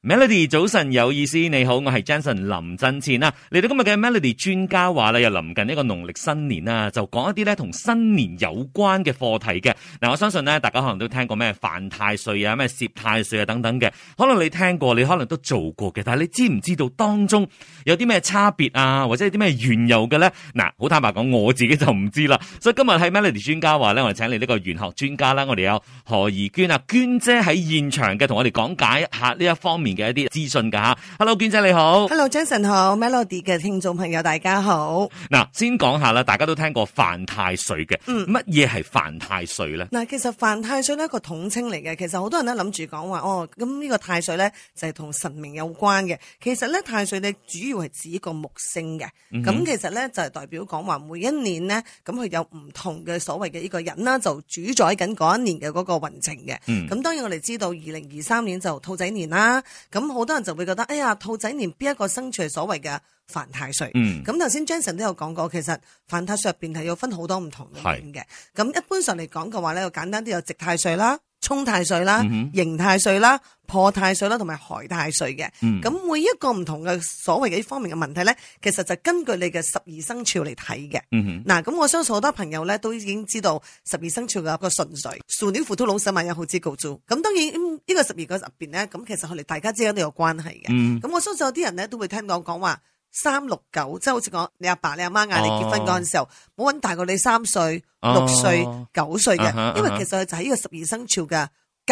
Melody 早晨有意思，你好，我係 Jason 林振倩啦。嚟到今日嘅 Melody 專家話咧，又臨近一個農曆新年啦，就講一啲咧同新年有關嘅課題嘅。嗱，我相信咧，大家可能都聽過咩犯太歲啊，咩攝太歲啊等等嘅，可能你聽過，你可能都做過嘅，但係你知唔知道當中有啲咩差別啊，或者係啲咩緣由嘅咧？嗱，好坦白講，我自己就唔知啦。所以今日喺 Melody 專家話咧，我哋請嚟呢個玄學專家啦，我哋有何宜娟啊，娟姐喺現場嘅，同我哋講解一下呢一方面，嘅一啲資訊噶嚇 Hello 娟姐你好，Hello Jason 好，Melody 嘅聽眾朋友大家好。嗱，先講下啦，大家都聽過犯太歲嘅，嗯，乜嘢係犯太歲咧？嗱，其實犯太歲咧一個統稱嚟嘅，其實好多人諗住講話哦，咁呢個太歲咧就係同神明有關嘅。其實咧太歲咧主要係指一個木星嘅，咁、嗯、哼其實咧就係代表講話每一年咧，咁佢有唔同嘅所謂嘅呢個人啦，就主宰緊嗰一年嘅嗰個運程嘅。咁、嗯、當然我哋知道二零二三年就兔仔年啦。咁好多人就會覺得，哎呀，兔仔年邊一個生出嚟所謂嘅犯太歲。嗯。咁頭先 Jenson 都有講過，其實犯太歲入邊係要分好多唔同嘅。咁是 一般上嚟講嘅話咧，就簡單啲有直太歲啦，沖太歲啦，刑太歲啦，破太歲啦，同埋害太歲嘅。咁、hmm. 每一個唔同嘅所謂嘅呢方面嘅問題咧，其實就根據你嘅十二生肖嚟睇嘅。嗱、mm，咁、hmm. 啊、我相信好多朋友咧都已經知道十二生肖嘅一個順序。鼠、mm hmm. 牛虎兔龍蛇、馬羊猴雞、狗、豬，咁當然呢、嗯，這個十二個入邊咧，咁其實佢哋大家之間都有關係嘅。咁、mm hmm. 我相信有啲人咧都會聽到我講話。三六九，即係好似講你阿爸，爸、你阿媽嗌你結婚嗰陣時候，冇搵、oh. 大過你三歲、oh. 六歲、九歲嘅，oh. uh huh. uh huh. 因為其實佢就係呢個十二生肖嘅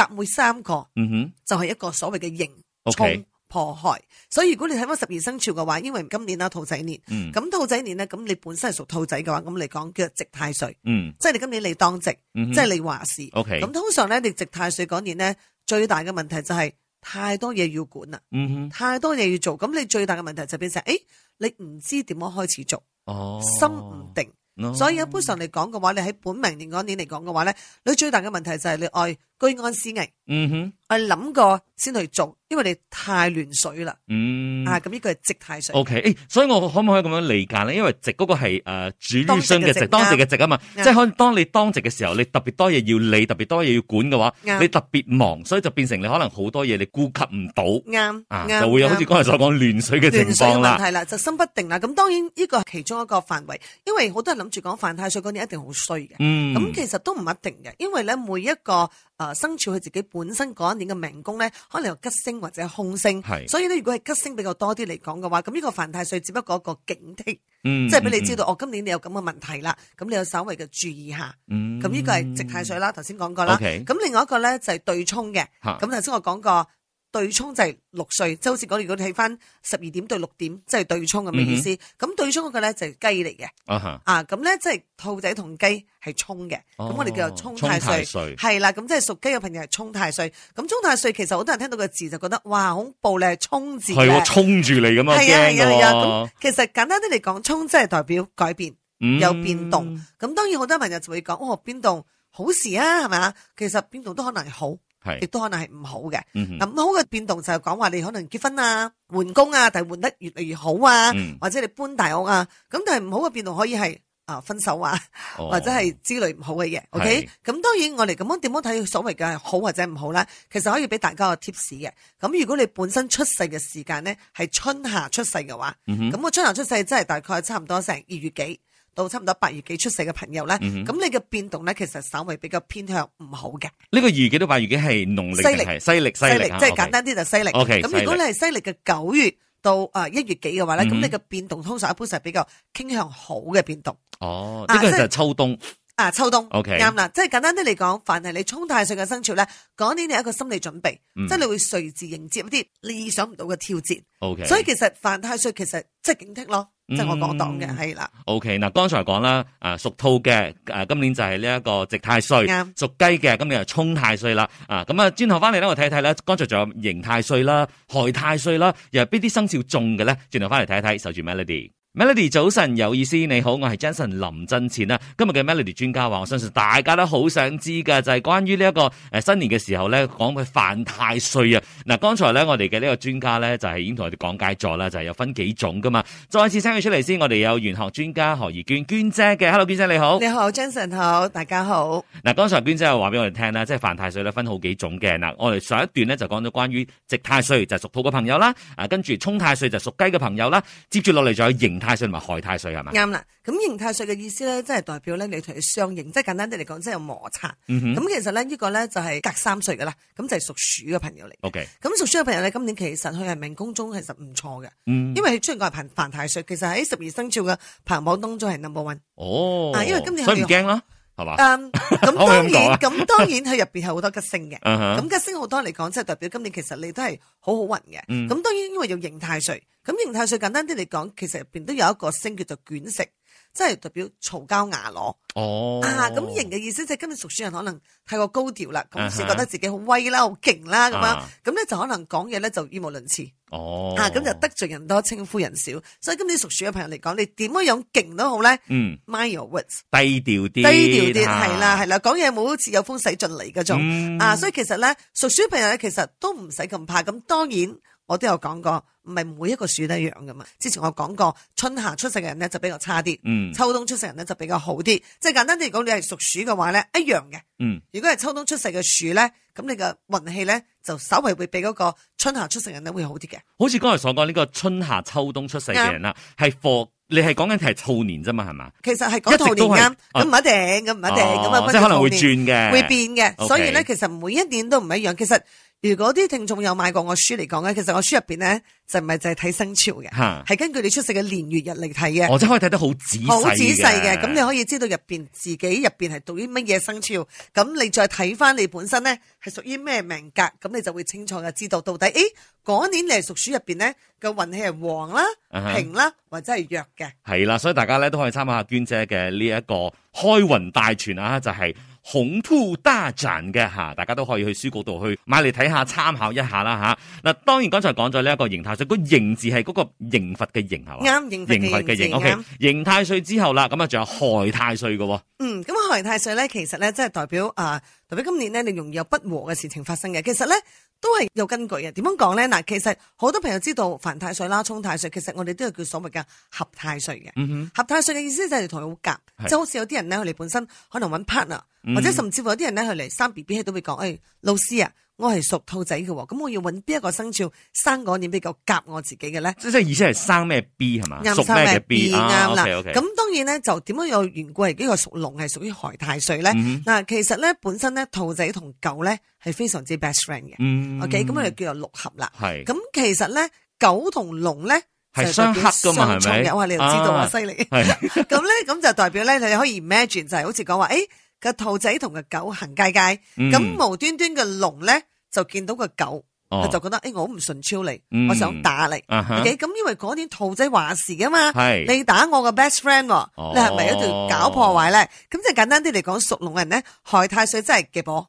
隔每三個，嗯哼、mm，hmm. 就係一個所謂嘅刑沖破害。Okay. 所以如果你睇翻十二生肖嘅話，因為今年啦兔仔年，咁、mm. 兔仔年咧，咁你本身係屬兔仔嘅話，咁你講叫做值太歲，嗯，mm. 即係你今年你當值，即係、mm hmm. 你話事。咁 Okay. 通常咧，你值太歲嗰年咧，最大嘅問題就係、是。太多嘢要管啦，太多嘢要做，咁你最大嘅問題就變成，誒、哎，你唔知點樣開始做，oh, 心唔定，okay. 所以一般上嚟講嘅話，你喺本明年嗰年嚟講嘅話咧，你最大嘅問題就係你愛。居安思危，嗯哼，我諗過先去做，因為你太亂水啦，嗯，啊，咁呢個係值太歲，O K，誒，所以我可唔可以咁樣理解咧？因為值嗰個係誒主于商嘅值，當值嘅值啊嘛，即係可能當你當值嘅時候，你特別多嘢要理，特別多嘢要管嘅話，你特別忙，所以就變成你可能好多嘢你顧及唔到，啱，就會有好似剛才所講亂水嘅情況啦，係啦，就心不定啦。咁當然呢個係其中一個範圍，因為好多人諗住講犯太歲嗰啲一定好衰嘅，咁其實都唔一定嘅，因為咧每一個。啊、呃，生肖佢自己本身嗰一年嘅命宮咧，可能有吉星或者空星，是所以咧如果係吉星比較多啲嚟講嘅話，咁呢個犯太歲只不過一個警惕，嗯嗯、即係俾你知道，嗯、我今年你有咁嘅問題啦，咁你有稍微嘅注意下，咁呢、嗯、個係值太歲啦，頭先講過啦，咁、嗯 okay、另外一個咧就係、是、對沖嘅，咁頭先我講過。對沖就係六歲，即係好似講完嗰睇翻十二點對六點，即係對沖咁嘅意思。咁、mm hmm. 對沖嗰個咧就係雞嚟嘅，uh huh. 啊咁咧即係兔仔同雞係沖嘅，咁、oh. 我哋叫做沖太歲，係啦，咁即係屬雞嘅朋友係沖太歲。咁沖太歲其實好多人聽到個字就覺得，哇，好恐怖，沖字係我衝住嚟咁啊，驚噶嘛。其實簡單啲嚟講，沖即係代表改變，有變動。咁、mm. 當然好多朋友就會講，哦，變動好事啊，係咪嘛？其實變動都可能係好。亦都可能係唔好嘅，咁、嗯、好嘅變動就係講話你可能結婚啊、換工啊，但係換得越嚟越好啊，嗯、或者你搬大屋啊，咁但係唔好嘅變動可以係啊、呃、分手啊，哦、或者係之類唔好嘅嘢。是，OK？咁當然我哋咁樣點樣睇所謂嘅好或者唔好啦，其實可以俾大家個 tips 嘅。咁如果你本身出世嘅時間咧係春夏出世嘅話，咁、嗯、哼個春夏出世即係大概差唔多成二月幾。到差唔多八月幾出世嘅朋友咧，咁你嘅變動咧，其實稍微比較偏向唔好嘅。呢個二幾到八月幾係農曆，係西曆，西曆，西曆。即係簡單啲就西曆。咁如果你係西曆嘅九月到啊一月幾嘅話咧，咁你嘅變動通常一般就係比較傾向好嘅變動。哦，呢個就係秋冬。啊，秋冬。O K，啱啦。即係簡單啲嚟講，凡係你沖太歲嘅生肖咧，嗰年你有一個心理準備，即係你會隨時迎接一啲你意想唔到嘅挑戰。O K，所以其實犯太歲其實即係警惕咯。嗯、即係我講檔嘅，係啦。OK，嗱，剛才講啦，啊屬兔嘅，啊今年就係呢一個值太歲，啱、嗯。屬雞嘅，今年係沖太歲啦。啊，咁啊轉頭翻嚟咧，我睇一睇啦。剛才仲有刑太歲啦，害太歲啦，又係邊啲生肖中嘅咧？轉頭翻嚟睇一睇，守住 Melody。Melody 早晨有意思，你好，我係 Jason 林振前啊。今日嘅 Melody 專家話，我相信大家都好想知噶，啊，就係關於呢一個誒新年嘅時候咧，講佢犯太歲啊。嗱，剛才咧我哋嘅呢個專家咧就係已經同我哋講解咗啦，就係，是，有分幾種噶嘛。再次請佢出嚟先，我哋有玄學專家何宜娟娟姐嘅。Hello，娟姐你好，你好，Jason 好，大家好。嗱，剛才娟姐又話俾我哋聽啦，即係犯太歲咧分好幾種嘅嗱。我哋上一段咧就講咗關於值太歲就屬，是，兔嘅朋友啦，啊跟住沖太歲就屬雞嘅朋友啦。接住落嚟仲有刑。太歲同埋害太歲係咪？啱啦，咁刑太歲嘅意思咧，即係代表咧你同佢相刑，即係簡單啲嚟講，即係有摩擦。咁、嗯、哼其實咧呢個咧就係隔三歲噶啦，咁就係屬鼠嘅朋友嚟。O K，咁屬鼠嘅朋友咧，今年其實佢係命宮中其實唔錯嘅，嗯、因為佢雖然講係貧犯太歲，其實喺十二生肖嘅排行榜當中係 number one。哦，因為今年唔驚啦。係嘛？嗯，咁當然，咁 當然，佢入邊係好多吉星嘅。咁、uh huh. 吉星好多嚟講，即、就、係、是、代表今年其實你都係好好運嘅。咁、嗯、當然因為有刑太歲，咁刑太歲簡單啲嚟講，其實入邊都有一個星叫做卷食。真係代表嘈交牙攞哦啊！咁型嘅意思就係今日屬鼠人可能太過高調啦，咁、啊、哈覺得自己好威啦，好勁啦咁樣，咁咧就可能講嘢咧就語無倫次哦吓，咁、啊、就得罪人多，稱呼人少，所以今年屬鼠嘅朋友嚟講，你點樣勁都好咧，嗯，mind your words 低調啲，低調啲係啦係啦，講嘢冇好似有風使盡嚟嗰種啊，所以其實咧屬鼠朋友咧其實都唔使咁怕，咁當然。我都有講過，唔係每一個鼠都一樣噶嘛。之前我講過，春夏出世嘅人咧就比較差啲，嗯，秋冬出世人咧就比較好啲。即係簡單啲嚟講，你係屬鼠嘅話咧，一樣嘅。嗯，如果係秋冬出世嘅鼠咧，咁你嘅運氣咧就稍微會比嗰個春夏出世人咧會好啲嘅。好似剛才所講呢個春夏秋冬出世嘅人啦，係貨，你係講緊係兔年啫嘛，係嘛？其實係講兔年，咁唔一定，咁唔一定，咁啊，即係可能會轉嘅，會變嘅。所以咧，其實每一年都唔一樣，其實。如果啲聽眾有買過我書嚟講咧，其實我書入邊咧就唔係淨係睇生肖嘅，係哈根據你出世嘅年月日嚟睇嘅。我真可以睇得好仔細好仔細嘅，咁、嗯、你可以知道入邊自己入邊係讀啲乜嘢生肖，咁你再睇翻你本身咧係屬於咩命格，咁你就會清楚嘅，知道到底誒嗰年你係屬鼠入邊咧個運氣係旺啦、啊、哈平啦或者係弱嘅。係啦，所以大家咧都可以參考下娟姐嘅呢一個開運大全啊，就係、是。恐兔大賺嘅吓，大家都可以去書局度去買嚟睇下，參考一下啦吓。嗱，當然剛才講咗呢一個刑太歲，個刑，刑字係嗰個刑罰嘅刑。係啱對，罰嘅刑。對 o okay , K，刑太歲之後啦，咁啊仲有害太歲嘅。嗯，咁害太歲咧，其實咧即係代表啊、呃，代表今年咧，你容易有不和嘅事情發生嘅。其實咧都係有根據嘅。點樣講咧？嗱，其實好多朋友知道犯太歲啦、沖太歲，其實我哋都係叫所謂嘅合太歲嘅。嗯哼合太歲嘅意思就係同佢好夾，就好似有啲人咧，佢哋本身可能揾 partner。或者甚至乎有啲人咧，佢嚟生 B B 都會講：，誒，老師啊，我係屬兔仔嘅，咁我要揾邊一個生肖生嗰年比較夾我自己嘅咧？即係意思係生咩 B 係嘛？生咩 B 啊？嗱，咁當然咧，就點樣有緣故係呢個屬龍係屬於害太歲咧？嗱，其實咧本身咧，兔仔同狗咧係非常之 best friend 嘅。OK 咁我就叫做六合啦。係。咁其實咧，狗同龍咧係相克嘅嘛？係咪？啊，你就知道犀利，咁咧咁就代表咧，你可以 imagine 就係好似講話，誒。個兔仔同個狗行街街，咁、嗯、無端端個龍咧就見到個狗，佢、哦、就覺得誒、欸、我唔順超你，嗯、我想打你，咁、嗯 uh huh, okay? 因為嗰年兔仔話事噶嘛，是你打我個 best friend、哦哦、你係咪一條搞破壞咧？咁即係簡單啲嚟講，屬龍人咧害太歲真係嘅噃。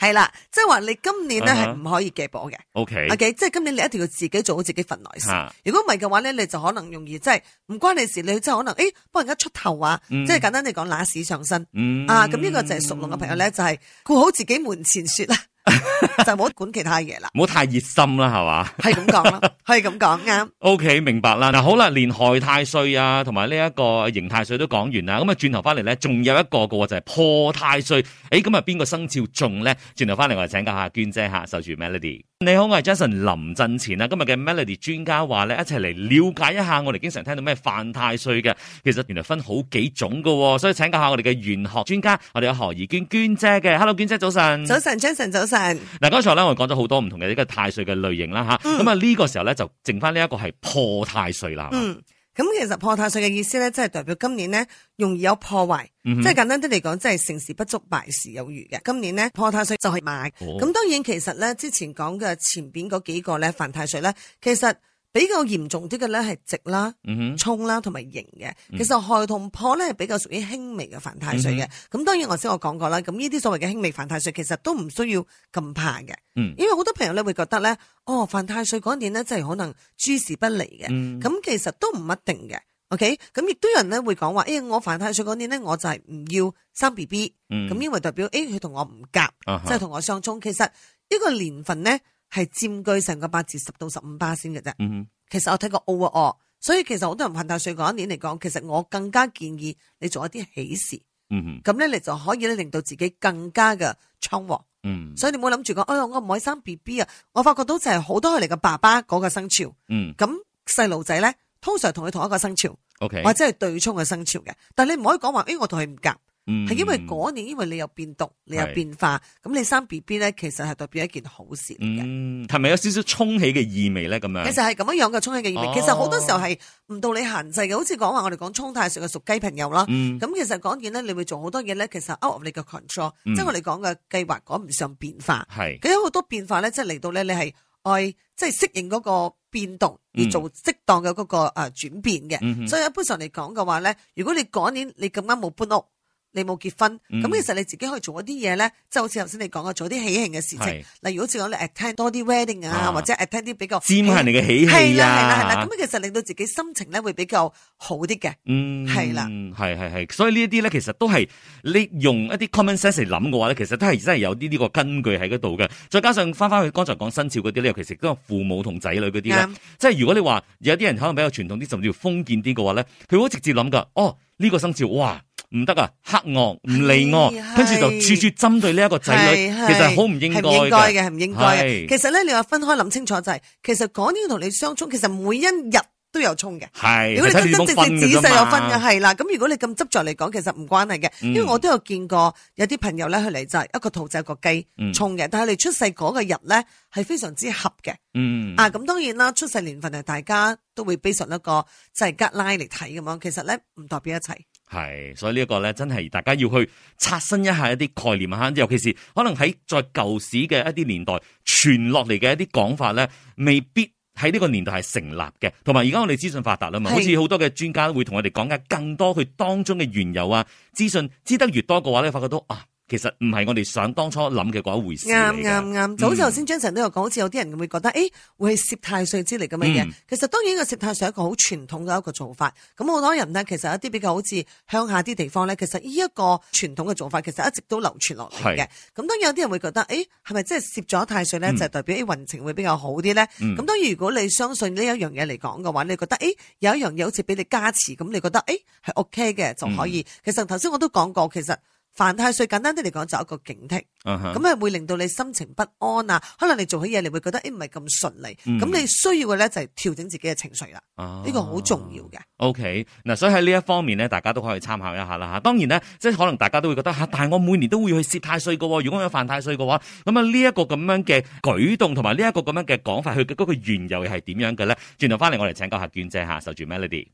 係啦，即係話你今年咧係唔可以嘅波嘅，OK，即係、okay? 今年你一定要自己做好自己份內事。如果唔係嘅話咧，你就可能容易即係唔關你事，你即係可能誒幫、哎、人家出頭話、啊，即係、嗯、簡單嚟講，攬屎上身。嗯、啊，咁呢個就係屬龍嘅朋友咧，就係、是、顧好自己門前雪啦。 就唔好管其他嘢啦，唔好太熱心啦，係嘛？係咁講啦，係咁講啱。OK，明白啦。嗱，好啦，連害太歲啊，同埋呢一個刑太歲都講完啦。咁啊，轉頭翻嚟咧，仲有一個嘅就係破太歲。誒、欸，咁啊，邊個生肖仲咧？轉頭翻嚟我哋請教下娟姐吓，受住 Melody。你好，我係 Jason。臨陣前啦，今日嘅 Melody 專家話咧，一齊嚟了解一下我哋經常聽到咩，犯太歲嘅，其實原來分好幾種噶，所以請教下我哋嘅玄學專家，我哋有何宜娟娟姐嘅。Hello，娟姐早，早晨。早晨，Jason 早晨。嗱，剛才咧我哋講咗好多唔同嘅一個太歲嘅類型啦，吓、嗯，咁啊呢、呢個時候咧就剩翻呢一個係破太歲啦。嗯咁其實破太歲嘅意思咧，即係代表今年咧容易有破壞，嗯、哼即係簡單啲嚟講，即係成事不足敗事有餘嘅。今年咧破太歲就係馬，咁、哦、當然其實咧之前講嘅前邊嗰幾個咧犯太歲咧，其實。比較嚴重啲嘅咧係直啦、沖啦同埋刑嘅。其實害同破咧係比較屬於輕微嘅犯太歲嘅。咁、嗯、哼當然我先我講過啦。咁呢啲所謂嘅輕微犯太歲，其實都唔需要咁怕嘅。嗯，因為好多朋友咧會覺得咧，哦，犯太歲嗰年咧真係可能諸事不利嘅。咁、嗯、其實都唔一定嘅。OK，咁亦都有人咧會講話，誒、哎，我犯太歲嗰年咧我就係唔要生 B B。咁、嗯、因為代表誒佢同我唔夾，即係同我相沖。Uh huh. 其實一個年份咧。係佔據成個八字十到十五巴仙嘅啫，mm hmm. 其實我睇過 overall 所以其實好多人犯太歲嗰一年嚟講，其實我更加建議你做一啲喜事，咁咧、mm hmm. 你就可以咧令到自己更加嘅昌旺，mm hmm. 所以你唔好諗住講，哎我唔可以生 B B 啊，我發覺到就係好多佢哋嘅爸爸嗰個生肖，咁細路仔咧通常同佢同一個生肖，Okay. 或者係對沖嘅生肖嘅，但你唔可以講話，哎我同佢唔夾。係、嗯、因為嗰年，因為你有變動，你有變化，咁是你生 B B 咧，其實係代表一件好事嚟嘅。係咪、嗯、有少少沖起嘅意味咧？咁樣其實係咁樣樣嘅沖起嘅意味。哦、其實好多時候係唔到你限制嘅。好似講話我哋講沖太歲嘅屬雞朋友啦。咁、嗯、其實講完咧，你會做好多嘢咧。其實 out of 你嘅 control，即係、嗯、我哋講嘅計劃趕唔上變化。係是，佢有好多變化咧，即係嚟到咧，你係愛即係適應嗰個變動要做適當嘅嗰個誒轉變嘅。嗯、所以一般上嚟講嘅話咧，如果你嗰年你咁啱冇搬屋，你冇結婚，咁其實你自己可以做一啲嘢咧，就好似頭先你講嘅，做啲喜慶嘅事情，事情是例如好似我哋 attend 多啲 wedding 啊，或者 attend 啲比較，尖係你嘅喜氣啊，係啦係啦，咁其實令到自己心情咧會比較好啲嘅，嗯，係啦的，係係係，所以呢一啲咧其實都係你用一啲 common sense 嚟諗嘅話咧，其實都係真係有呢呢個根據喺嗰度嘅，再加上翻翻去剛才講生肖嗰啲咧，尤其實都係父母同仔女嗰啲咧，的即係如果你話有啲人可能比較傳統啲，甚至封建啲嘅話咧，佢好直接諗噶，哦呢個生肖哇！唔得啊！黑惡唔理我，跟住就處處針對呢一個仔女，其實好唔應該嘅。係唔應該嘅，係唔應該嘅。其實咧，你話分開諗清楚就係，其實嗰年同你相沖，其實每一日都有沖嘅。係，如果你真真正正仔細有分嘅，係啦。咁如果你咁執着嚟講，其實唔關係嘅，因為我都有見過有啲朋友咧，佢嚟就係一個兔仔個雞沖嘅，但係你出世嗰個日咧係非常之合嘅。嗯啊，咁當然啦，出世年份係大家都會俾上一個即係吉拉嚟睇咁樣。其實咧唔代表一切。係，所以呢一個咧，真係大家要去刷新一下一啲概念嚇，尤其是可能喺在，在舊時嘅一啲年代傳落嚟嘅一啲講法咧，未必喺呢個年代係成立嘅。同埋而家我哋資訊發達啦嘛，是好似好多嘅專家會同我哋講解更多佢當中嘅緣由啊，資訊知得越多嘅話咧，發覺到。啊～其實唔係我哋想當初諗嘅嗰一回事，啱啱啱。就、嗯、好似頭先張晨都有講，好似有啲人會覺得，誒、嗯欸、會攝太歲之類咁嘅嘢。嗯、其實當然個攝太歲係一個好傳統嘅一個做法。咁好多人咧，其實一啲比較好似鄉下啲地方咧，其實呢一個傳統嘅做法，其實一直都流傳落嚟嘅。咁是 當然有啲人會覺得，誒，係咪即係攝咗太歲咧，就是、代表啲運程會比較好啲咧？咁、嗯、當然如果你相信呢一樣嘢嚟講嘅話，你覺得，誒、欸、有一樣嘢好似俾你加持，咁你覺得，誒、欸、係 OK 嘅就可以。嗯、其實頭先我都講過，其實。犯太歲，簡單啲嚟講就一個警惕，咁係、uh huh. 會令到你心情不安啊。可能你做起嘢，你會覺得誒唔係咁順利。咁、mm. 你需要嘅，咧就係調整自己嘅情緒啦。呢個好重要嘅。OK，嗱，所以喺呢一方面咧，大家都可以參考一下啦吓。當然咧，即係可能大家都會覺得吓、啊，但係我每年都會去攝太歲喎。如果我有犯太歲嘅話，咁啊呢一個咁樣嘅舉動，同埋呢一個咁樣嘅講法，佢、那、嗰個緣由係點樣嘅咧？轉頭翻嚟，我哋請教下娟姐吓，守住 Melody。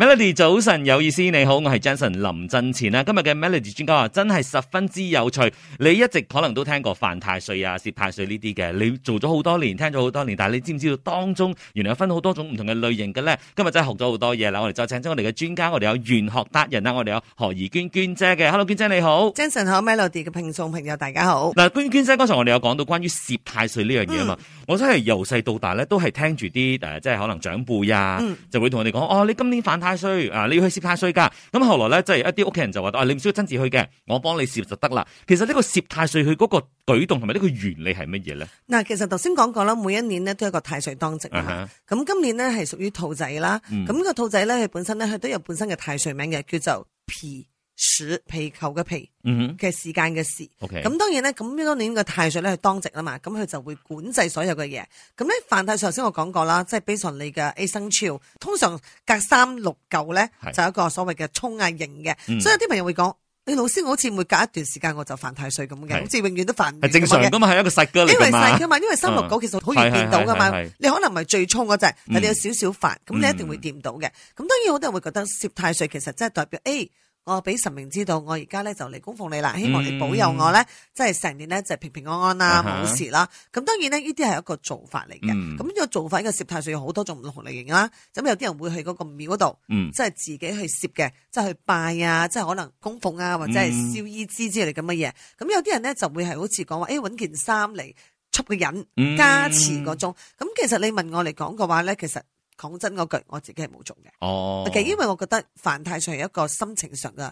Melody 早晨有意思，你好，我係 Jason 林振前啦。今日嘅 Melody 專家啊，真係十分之有趣。你一直可能都聽過犯太歲啊、涉太歲呢啲嘅，你做咗好多年，聽咗好多年，但係你知唔知道當中原來分好多種唔同嘅類型嘅咧？今日真係學咗好多嘢啦。我哋再請咗我哋嘅專家，我哋有玄學達人啦，我哋有何宜娟，娟娟姐嘅。Hello 娟姐你好，Jason 好 Melody 嘅聽眾朋友大家好。嗱，娟娟姐，剛才我哋有講到關於涉太歲呢樣嘢啊嘛，嗯、我真係由細到大咧都係聽住啲誒，即係可能長輩啊，嗯、就會同我哋講哦，你今年犯太。太歲啊！你要去攝太歲噶，咁後來咧，即係一啲屋企人就話：，啊，你唔需要親自去嘅，我幫你攝就得啦。其實呢個攝太歲去嗰個舉動同埋呢個原理係乜嘢咧？嗱，其實頭先講過啦，每一年咧都有個太歲當值啊。咁、uh huh. 今年咧係屬於兔仔啦。咁呢、嗯、個兔仔咧，佢本身咧，佢都有本身嘅太歲名嘅，叫做皮。時皮球嘅皮嘅時間嘅事，咁當然咧，咁呢當年嘅太歲咧係當值啦嘛，咁佢就會管制所有嘅嘢。咁咧犯太歲，首先我講過啦，即係 base on 你嘅 A 生肖，通常隔三六九咧就有一個所謂嘅沖啊刑嘅。所以有啲朋友會講：，你老師好似每隔一段時間我就犯太歲咁嘅，好似永遠都犯唔完嘅。係正常噶嘛，係一個細嚟噶嘛，因為細噶嘛，因為三六九其實好易掂到噶嘛。你可能唔係最沖嗰隻，但係你有少少犯，咁你一定會掂到嘅。咁當然好多人都會覺得攝太歲其實真係代表誒。我俾神明知道，我而家咧就嚟供奉你啦，希望你保佑我咧，嗯、即係成年咧就平平安安啦，冇、啊、哈事啦。咁當然咧，呢啲係一個做法嚟嘅。咁呢個做法應該，呢個攝太歲有好多種唔同類型啦。咁有啲人會去嗰個廟嗰度，嗯、即係自己去攝嘅，即係去拜啊，即係可能供奉啊，或者係燒衣枝之，之類嘅嘢。咁、嗯、有啲人咧就會係好似講話，誒、欸、搵件衫嚟捉個人加持個種。咁其實你問我嚟講嘅話咧，其實。講真嗰句，我自己係冇做嘅。哦，其實因為我覺得犯太歲係一個心情上嘅，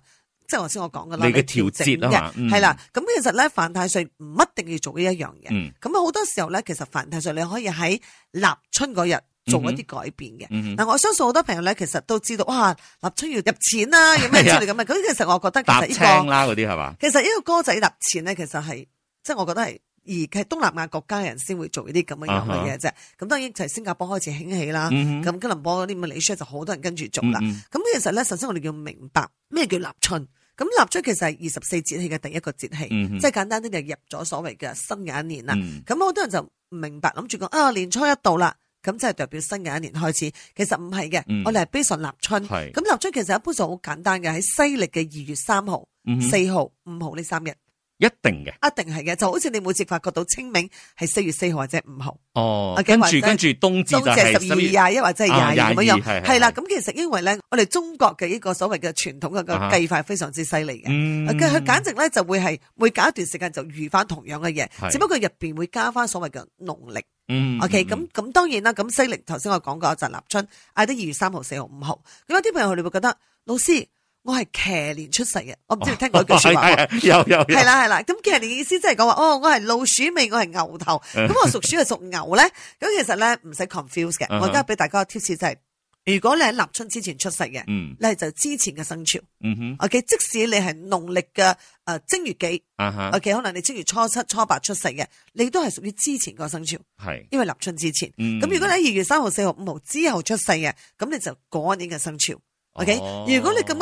即係頭先我講嘅啦，你嘅調節啊，係啦。咁、嗯、其實咧犯太歲唔一定要做一樣嘅。咁好、嗯、多時候咧，其實犯太歲你可以喺立春嗰日做一啲改變嘅。嗱、嗯，嗯、我相信好多朋友咧，其實都知道，哇，立春要入錢啦、啊，有咩之類咁嘅。咁的其實我覺得其實、這個，搭青啦嗰啲係嘛？其實呢個歌仔立錢咧，其實係，即係我覺得係。而係東南亞國家人先會做呢啲咁樣嘅嘢嘅啫，咁、huh、當然就係新加坡開始興起啦。咁、mm hmm、吉隆坡嗰啲咁嘅李就好多人跟住做啦。咁、mm hmm、其實咧，首先我哋要明白咩叫立春。咁立春其實係二十四節氣嘅第一個節氣，mm hmm、即係簡單啲就入咗所謂嘅新嘅一年啦。咁好、mm hmm、多人就唔明白，諗住講啊年初一到啦，咁即係代表新嘅一年開始。其實唔係嘅，mm hmm、我哋係非常立春。咁的立春其實一般就好簡單嘅，喺西歷嘅二月三號、四號、五號呢三日。一定嘅，一定係嘅，就好似你每次發覺到清明係四月四號或者五號，哦，跟住跟住冬至就係十二月廿一或者係廿二咁樣，係啦。咁其實因為咧，我哋中國嘅呢個所謂嘅傳統嘅個計法非常之犀利嘅，佢簡直咧就會係會隔一段時間就遇翻同樣嘅嘢，只不過入邊會加翻所謂嘅農曆。嗯，OK，咁咁當然啦，咁西曆頭先我講過就立春，嗌得二月三號、四號、五號。咁有啲朋友你會覺得，老師。我係騎年出世嘅，我唔知你聽過呢句說話。係啦係啦，咁騎年嘅意思即係講話，哦，我係老鼠尾，我係牛頭，咁我屬鼠係屬牛咧？咁其實咧唔使 confuse 嘅，我而家俾大家個貼士就係，如果你喺立春之前出世嘅，你就之前嘅生肖。嗯 O K，即使你係農曆嘅誒正月幾，O K，可能你正月初七、初八出世嘅，你都係屬於之前個生肖。係。因為立春之前。嗯。咁如果你喺二月三號、四號、五號之後出世嘅，咁你就嗰年嘅生肖。O K。如果你咁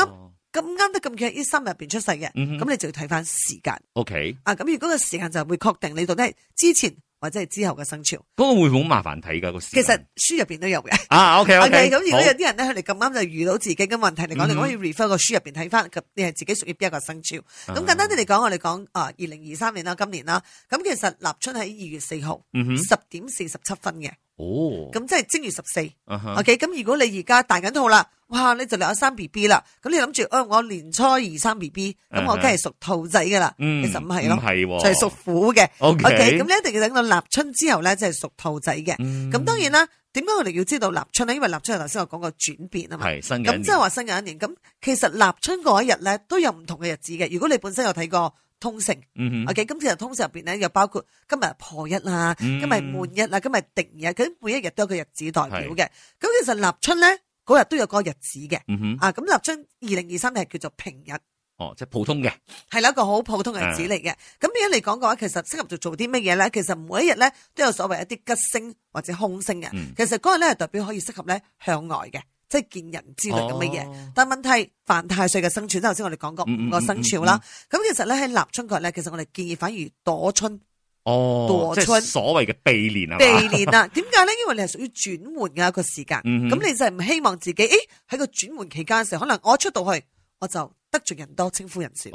咁啱得咁巧，呢三日入邊出世嘅，咁、嗯、哼你就要睇翻時間。O Okay K，啊，咁如果個時間就會確定你到底係，之前或者係之後嘅生肖，嗰、那個會好麻煩睇噶。其實書入邊都有嘅。啊，O K O K。咁、okay, okay, okay, 如果好有啲人咧，佢哋咁啱就遇到自己嘅問題嚟講，你，你可以 refer 個書入邊睇翻，看看你係自己屬於邊一個生肖。咁、啊、簡單啲嚟講，我哋講啊，二零二三年啦，今年啦，咁、啊、其實立春喺二月四號十點四十七分嘅。哦，咁即係正月十四、uh、huh，OK？咁如果你而家大緊肚啦，哇，你就嚟有生 B B 啦，咁你諗住，哦、哎，我年初二生 B B，咁我梗係屬兔仔噶啦，uh、huh, 其實唔係咯，嗯哦、就係屬虎嘅，OK？咁 okay? 你一定要等到立春之後咧，即係屬兔仔嘅，咁、uh huh, 當然啦，點解我哋要知道立春咧？因為立春係頭先我講過轉變啊嘛，咁即係話新嘅一年，咁其實立春嗰一日咧都有唔同嘅日子嘅，如果你本身有睇過。通勝、嗯、哼，ok，咁其實通勝入邊咧又包括今日破日啦、嗯，今日滿日啦，今日定日，佢每一日都有個日子代表嘅。咁是其實立春咧嗰日都有個日子嘅，嗯、哼啊，咁立春二零二三係叫做平日，哦，即係普通嘅，係一個好普通嘅日子嚟嘅。咁依家嚟講嘅話，其實適合做做啲乜嘢咧？其實每一日咧都有所謂一啲吉星或者空星嘅，嗯、其實嗰日咧係代表可以適合咧向外嘅。即係見人之類咁嘅嘢，哦、但係問題犯太歲嘅生存，即頭先我哋講過五個生肖啦。咁、嗯嗯嗯嗯嗯、其實咧喺立春嗰日咧，其實我哋建議反而躲春哦，躲春，即係所謂嘅避年啊，避年啊。點解咧？因為你係屬於轉換嘅一個時間，咁、嗯、哼你就係唔希望自己誒喺、哎、個轉換期間嘅時候，可能我出到去我就。得罪人多，稱呼人少，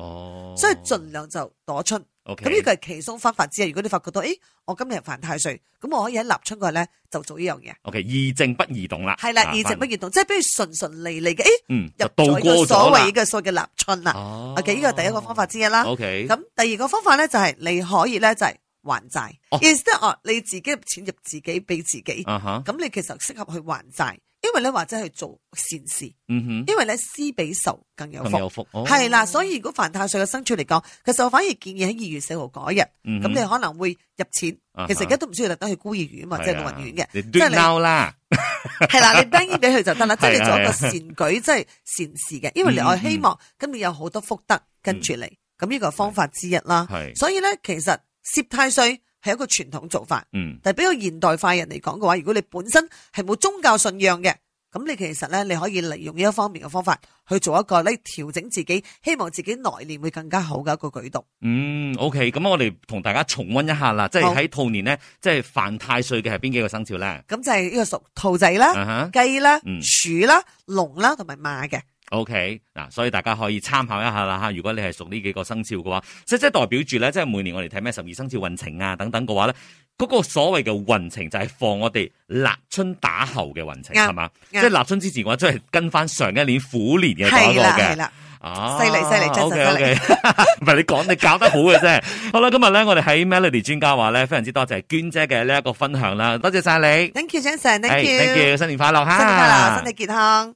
所以盡量就躲春。咁呢個係其中方法之一。如果你發覺到，誒，我今日犯太歲，咁我可以喺立春嗰日咧就做呢樣嘢。O K，宜靜不宜動啦。係啦，宜靜不宜動，即係比如順順利利嘅，誒，就渡過咗所謂嘅所謂嘅立春啦。O K，呢個係第一個方法之一啦。O K，咁第二個方法咧就係你可以咧就係還債，instead 哦，你自己錢入自己，俾自己。啊哈，咁你其實適合去還債。因為咧，或者係做善事，因為咧，施比受更有福，係啦，所以如果犯太歲嘅生肖嚟講，其實我反而建議喺二月四號嗰日，咁你可能會入錢，其實而家都唔需要特登去孤兒院或者係老人院嘅，即係撈啦，係啦，你捐啲俾佢就得啦，即係做一個善舉，即係善事嘅，因為嚟我希望今年有好多福德跟住嚟，咁呢個方法之一啦，所以咧其實涉太歲，係一個傳統做法，嗯，但係比較現代化人嚟講嘅話，如果你本身係冇宗教信仰嘅，咁你其實咧你可以利用呢一方面嘅方法去做一個咧調整自己，希望自己來年會更加好嘅一個舉動。嗯，OK，咁我哋同大家重溫一下啦，即係喺兔年咧，即係犯太歲嘅係邊幾個生肖咧？咁就係呢個屬兔仔啦、雞啦、鼠啦、龍啦同埋馬嘅。O K 嗱，所以大家可以參考一下啦吓，如果你係屬呢幾個生肖嘅話，即係代表住咧，即係每年我哋睇咩十二生肖運程啊等等嘅話咧，嗰個所謂嘅運程就係放我哋立春打後嘅運程係嘛，即係立春之前嘅話，即係跟翻上一年虎年嘅一落嘅，啊，犀利犀利，O K O K，唔係你講你搞得好嘅啫。好啦，今日咧我哋喺 Melody 專家話咧，非常之多謝娟姐嘅呢一個分享啦，多謝晒你，Thank you，Sir，Thank you，新年快樂吓，新年快樂，身體健康。